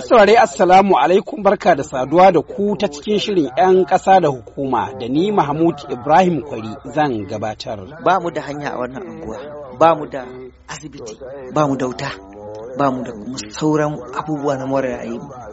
su Assalamu alaikum barka da saduwa da ku ta cikin shirin 'yan ƙasa da hukuma da ni Mahmud Ibrahim Kwari zan gabatar. Ba mu da hanya a wannan anguwa, ba mu da asibiti, ba mu da wuta, ba mu da sauran abubuwa na more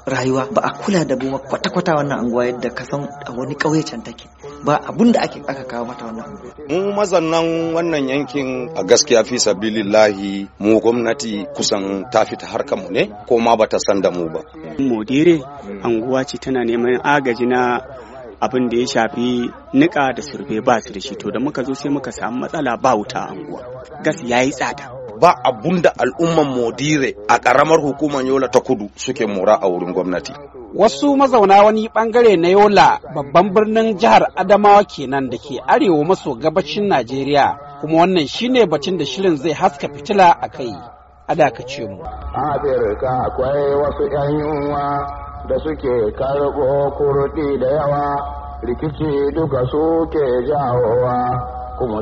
rayuwa, ba a kula da mu kwata-kwata wannan anguwa yadda ka san a wani ƙauye can take. ba abun da ake aka kawo mata wannan mu mazannan wannan yankin a gaskiya fi sabilillahi mu gwamnati kusan ta fita harkar mu ne ko ma bata san da mu ba modire anguwa ce tana neman agaji na abin da ya shafi nika da surbe ba su da shi to da muka zo sai muka samu matsala ba wuta anguwa gas yayi tsada ba abun da al'umman modire a ƙaramar hukumar yola ta kudu suke mura a wurin gwamnati wasu mazauna wani bangare na yola babban birnin jihar adamawa kenan da ke arewa maso gabacin najeriya kuma wannan shine batun da shirin zai haska fitila a kai a ce mu akwai wasu 'yan yunwa da suke karɓo kurɗi da yawa rikici duka suke jawowa kuma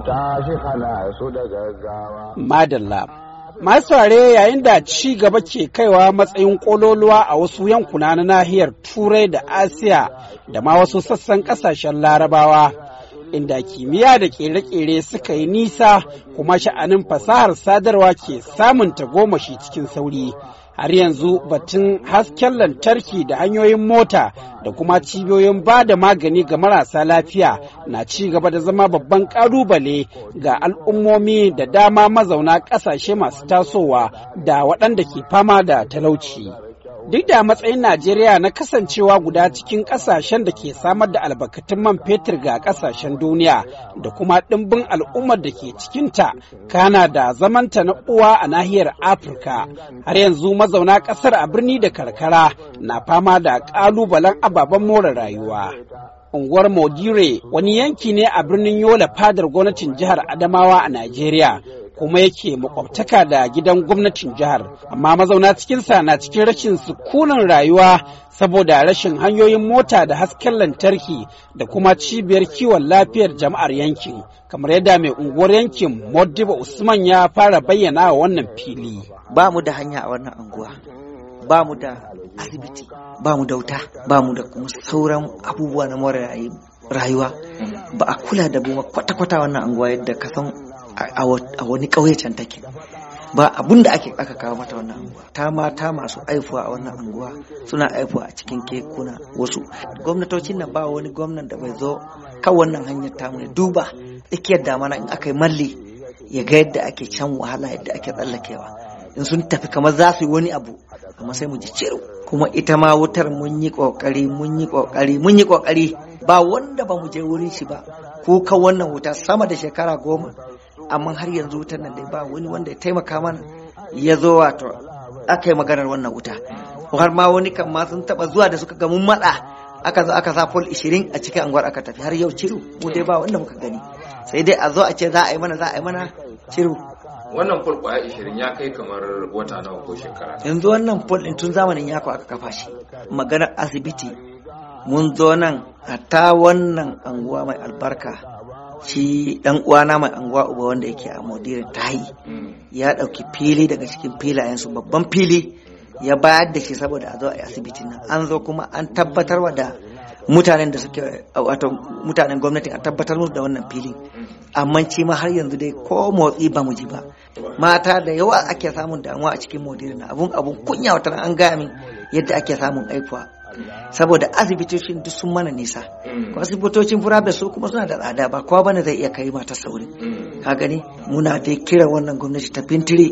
hana su da gaggawa. Madalla. Masu yayin da ci gaba ke kaiwa matsayin kololuwa a wasu yankuna na nahiyar Turai da Asiya da ma wasu sassan kasashen Larabawa. Inda kimiyya da kere-kere suka yi nisa kuma sha'anin fasahar sadarwa ke samun tagomashi cikin sauri. har yanzu batun hasken lantarki da hanyoyin mota da kuma cibiyoyin ba da magani ga marasa lafiya na ci gaba da zama babban ƙalubale ga al'ummomi da dama mazauna ƙasashe masu tasowa da waɗanda ke fama da talauci. Duk da matsayin Najeriya na kasancewa guda cikin kasashen da ke samar da albarkatun man fetur ga kasashen duniya da kuma ɗimbin al'ummar da ke cikinta, kana da zamanta na uwa a nahiyar Afirka. Har yanzu mazauna ƙasar a birni da karkara na fama da ƙalubalen ababen more rayuwa. unguwar Mogire wani yanki ne a birnin Yola fadar gwamnatin jihar Adamawa a Najeriya. kuma yake makwabtaka da gidan gwamnatin jihar amma mazauna cikinsa na cikin rashin sukunan rayuwa saboda rashin hanyoyin mota da hasken lantarki da kuma cibiyar kiwon lafiyar jama'ar yankin kamar yadda mai unguwar yankin modiba usman ya fara bayyana wa wannan fili ba mu da hanya a wannan unguwa ba mu da asibiti ba mu da wuta ba mu da kuma sauran abubuwa na more rayuwa ba a kula da mu kwata-kwata wannan unguwa yadda ka san a wani ƙauye can take ba abun da ake aka kawo mata wannan anguwa ta mata masu aifuwa a wannan unguwa suna aifuwa a cikin kekuna wasu gwamnatocin nan ba wani gwamnan da bai zo kan wannan hanyar ta mai duba tsakiyar damana in aka yi malli ya ga yadda ake can wahala yadda ake tsallakewa in sun tafi kamar za su yi wani abu amma sai mu ji ciro kuma ita ma wutar mun yi kokari mun yi kokari mun yi kokari ba wanda ba mu je wurin shi ba Ko kan wannan wuta sama da shekara goma amma har yanzu wutar nan dai ba wani wanda ya taimaka mana ya zo wato aka yi maganar wannan wuta har ma wani kan ma sun taba zuwa da suka gamu mun matsa aka zo aka sa pol 20 a cikin anguwar aka tafi har yau ciru mu dai ba wanda muka gani sai dai a zo a ce za a yi mana za a yi mana ciru wannan pol kwaya 20 ya kai kamar wata nawa ko shekara yanzu wannan pol din tun zamanin yako aka kafa shi maganar asibiti mun zo nan a ta wannan anguwa mai albarka shi dan uwana mai anguwa uba wanda yake a modirin tayi mm. ya dauki fili daga cikin filayen su. babban fili ya bayar da shi saboda a zo a asibitin nan an zo kuma an wa da mutanen da suke wato mutanen gwamnati a tabbatar musu da wannan filin amma ci ma har yanzu dai ko motsi ba mu ji ba mata da yawa ake samun damuwa a cikin modirin abun abun kunya wata an gaya min yadda ake samun aikuwa saboda asibitocin duk sun mana nisa mm. asibitocin firabe su kuma suna da tsada ba kowa bane zai iya kai mata sauri mm. ka gani muna dai kira wannan gwamnati ta bintire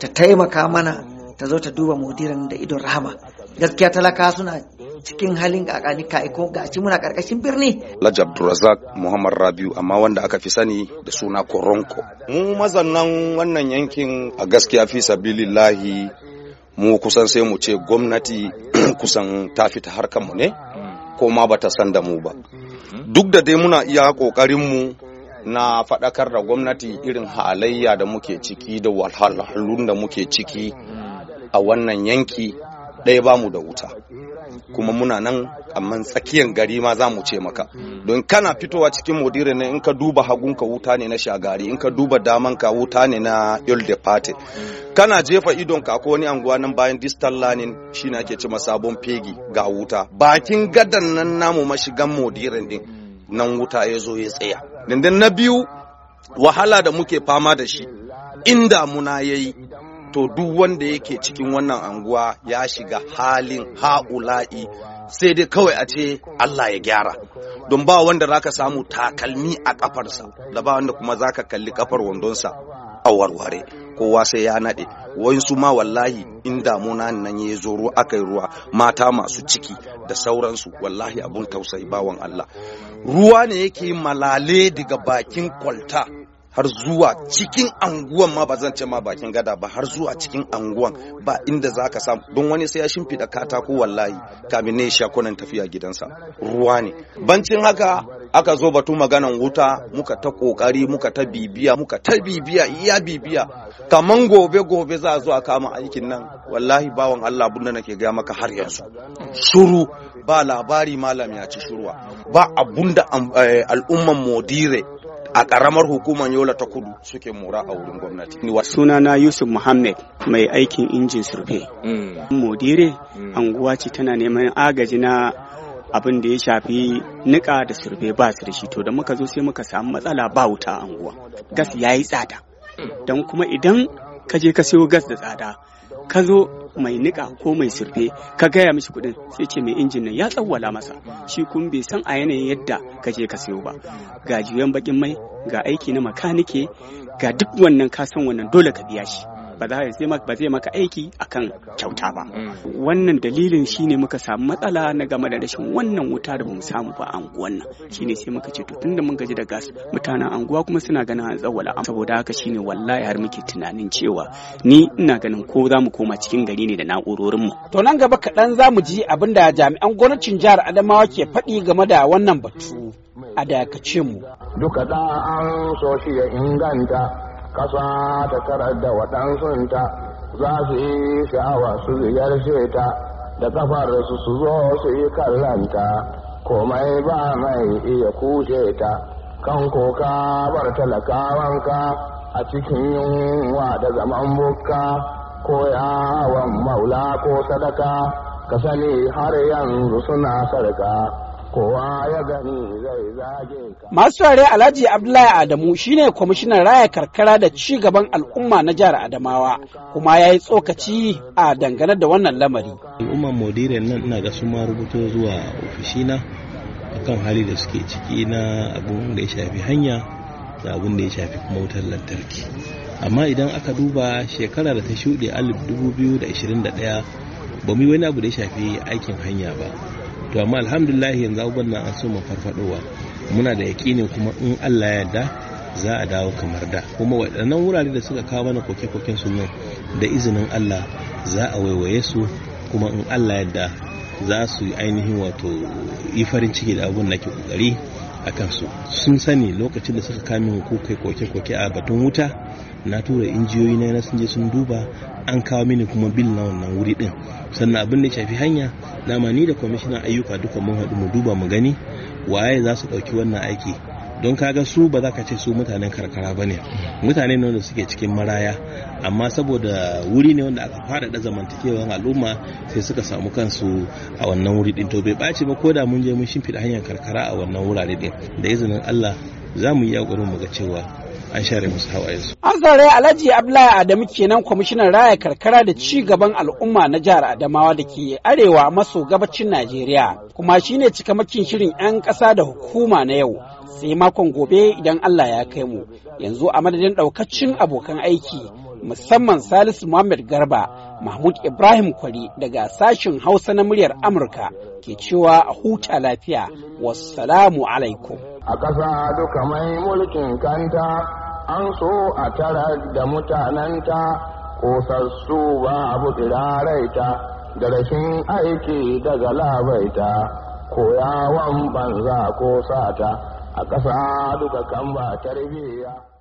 ta taimaka mana ta zo ta duba mudiran da idon rahama gaskiya talaka suna cikin halin kakani ka Ga gaci muna karkashin birni Lajab Abdulrazak Muhammad Rabiu amma wanda aka fi sani da suna Koronko mu mazannan wannan yankin a gaskiya fi sabilillahi mu kusan sai mu ce gwamnati kusan ta fita harkanmu ne ko ma ta san da mu ba duk da dai muna iya mu na faɗakar da gwamnati irin halayya da muke ciki da wahalhalun da muke ciki a wannan yanki ɗaya ba mu da wuta kuma muna nan amma tsakiyar gari ma za mu ce maka don kana fitowa cikin modire ne in ka duba hagunka wuta ne na shagari in ka duba damanka wuta ne na il de pate kana jefa idon ka ko wani anguwa nan bayan distal lanin shine ake ce sabon fegi ga wuta bakin gadan nan namu mashigan modire din nan wuta ya zo ya tsaya dindin na biyu wahala da muke fama da shi in damuna yayi to duk wanda yake cikin wannan anguwa ya shiga halin ha'ula'i sai dai kawai a ce Allah ya gyara don ba wanda zaka samu takalmi a kafarsa da ba wanda kuma zaka kalli kafar wandonsa a warware kowa sai ya naɗe wayansu ma wallahi in damuna nan ya zo ruwa aka yi ruwa mata masu ciki da sauransu wallahi abun tausayi bawan Allah ruwa ne yake malale daga bakin kwalta har zuwa cikin anguwan ma ba zan ce ma bakin gada ba har zuwa cikin anguwan ba inda za ka samu don wani sai ya shimfiɗa katako wallahi kamin ne nan tafiya gidansa ruwa ne bancin haka aka zo batu maganan wuta muka ta kokari muka ta bibiya muka ta bibiya iya bibiya kaman gobe gobe za a zo a kama aikin nan wallahi bawan Allah abunda nake ga maka har yanzu shuru ba labari malam ya ci shuruwa ba abunda eh, al'umman modire a karamar hukumar yola ta kudu suke mura a wurin gwamnati Ni Suna na yusuf muhammad mai aikin injin surfe mm. modire mm. anguwa ce tana neman agaji na abin da ya shafi nika da surfe ba su da shi to da muka zo sai muka samu matsala ba wuta a anguwa gas ya yi tsada mm. don kuma idan ka je ka siyo gas da tsada ka zo mai niƙa ko mai surfe ka gaya mishi kuɗin sai ce mai injin nan ya tsawwala masa shi kun bai san a yanayin yadda ka je ka sayo ba ga juyan bakin mai ga aiki na makanike ga duk wannan kasan wannan dole ka biya shi ba za ba zai maka aiki a kan kyauta ba mm. wannan dalilin shine muka samu matsala na game da rashin wannan wuta da bamu samu ba a anguwan nan shine sai muka ce to tunda mun gaji da gas mutanen anguwa kuma suna ganin an tsawala saboda haka shine wallahi har muke tunanin cewa ni ina ganin ko za mu koma cikin gari ne da na'urorin mu to nan gaba kaɗan za mu ji abin da jami'an gwamnatin jihar Adamawa ke faɗi game da wannan batu a dakace mu duka da an so shi ya inganta ƙasa ta tarar da waɗansunta za su yi sha'awa su ziyarce ta da ƙafarsu su zo su yi kallanta komai ba mai iya kushe ta kan koka bar talakawanka a cikin yunwa da zaman bukka ko yawon maula ko sadaka ka sani har yanzu suna sarka. Masu tare Alhaji Abdullahi Adamu shine kwamishinan raya karkara da ci gaban al'umma na jihar Adamawa kuma ya yi tsokaci a dangane da wannan lamari. Al'umman Modire nan ina ga su ma rubuto zuwa ofishina akan hali da suke ciki na abin da ya shafi hanya da abin da ya shafi kuma wutar lantarki. Amma idan aka duba shekara da ta shuɗe 2021 ba mu yi wani abu da ya shafi aikin hanya ba. to amma alhamdulillah yanzu abubuwan nan an so mu farfadowa muna da ne kuma in Allah ya yarda za a dawo kamar da kuma waɗannan wurare da suka kawo mana koke-koken su nan da izinin Allah za a waiwaye su kuma in Allah ya yarda za su yi ainihin wato yi farin ciki da abun da ke kokari a kansu sun sani lokacin da suka kame ko kai koke-koke a batun wuta na tura injiyoyi na sun je sun duba an kawo mini kuma bil na wannan wuri din sannan abin da shafi hanya na ni da kwamishinan ayyuka duka mun haɗu mu duba mu gani waye za su ɗauki wannan aiki don kaga su ba za ka ce su mutanen karkara ba ne mutane ne wanda suke cikin maraya amma saboda wuri ne wanda aka fara faɗaɗa zamantakewar al'umma sai suka samu kansu a wannan wuri din to bai ɓaci ba ko da mun je mun shimfiɗa hanyar karkara a wannan wurare din da izinin Allah za mu yi yaƙurin mu ga cewa an share musu hawayensu. An zare Alhaji Abdullahi Adamu kenan kwamishinan raya karkara da ci gaban al'umma na jihar Adamawa da ke arewa maso gabacin Najeriya kuma shine cikamakin shirin 'yan ƙasa da hukuma na yau sai makon gobe idan Allah ya kai mu yanzu a madadin ɗaukacin abokan aiki musamman Salisu Muhammad Garba Mahmud Ibrahim Kwari daga sashen Hausa na muryar Amurka ke cewa a huta lafiya wassalamu alaikum. A ƙasa duka mai mulkin kanta an so a tarar da mutananta kosassu ba abu tsiraraita da rashin aiki daga labaita koyawan banza ko sata a ƙasa duka kan ba tarbiyya